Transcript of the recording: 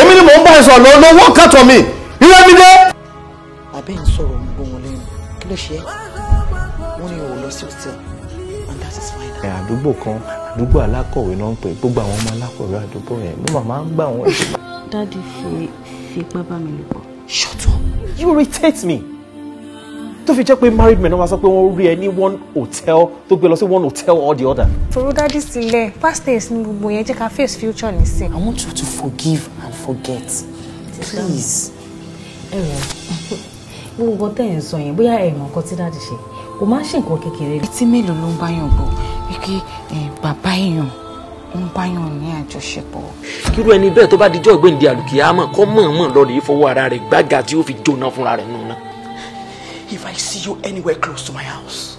èmi ni mò ń bá ẹ sọ̀rọ̀ lọ́wọ́ lọ́wọ́ kàtọ̀ mi irọ́ mi dé. àbẹ́ ń sọ̀rọ̀ ń gbóhùn lẹ́nu kí ló ṣe é wọ́n ní òun lọ sí hostel and that is fine. ẹ àdúgbò kan àdúgbò alákọ̀wé náà ń pè gbogbo àwọn ọmọ alákọ̀wé àdúgbò yẹn mo màmá ń gbà wọ́n. dáàdi fi fipá bá mi lò pọ̀. shut up you irritate me tó fi jẹ́ pé married men wá sọ pé wọ́n rí ẹ ní one hotel tó gbé lọ sí one hotel or the other. tòró dájú sílẹ̀ past tense ni gbogbo yẹn jẹ́ ká face future nísìn. I want you to forgive and forget please. ẹ wọ gbogbo tẹ̀ ń sọ yẹn bóyá ẹ̀ mọ̀ nǹkan tí dáàdì ṣe kò má ṣe nǹkan kékeré. etí mélòó ló ń báyàn gbọ́ wípé bàbá èèyàn ń báyàn ní àjọṣepọ̀. kírú ẹni bẹ́ẹ̀ tó bá dijọ́ ìgbéǹde àlùkìyámọ̀ kọ́ mọ̀ọ́mọ̀ lọ rèé fọwọ́ ara rẹ̀ if I see you anywhere close to my house.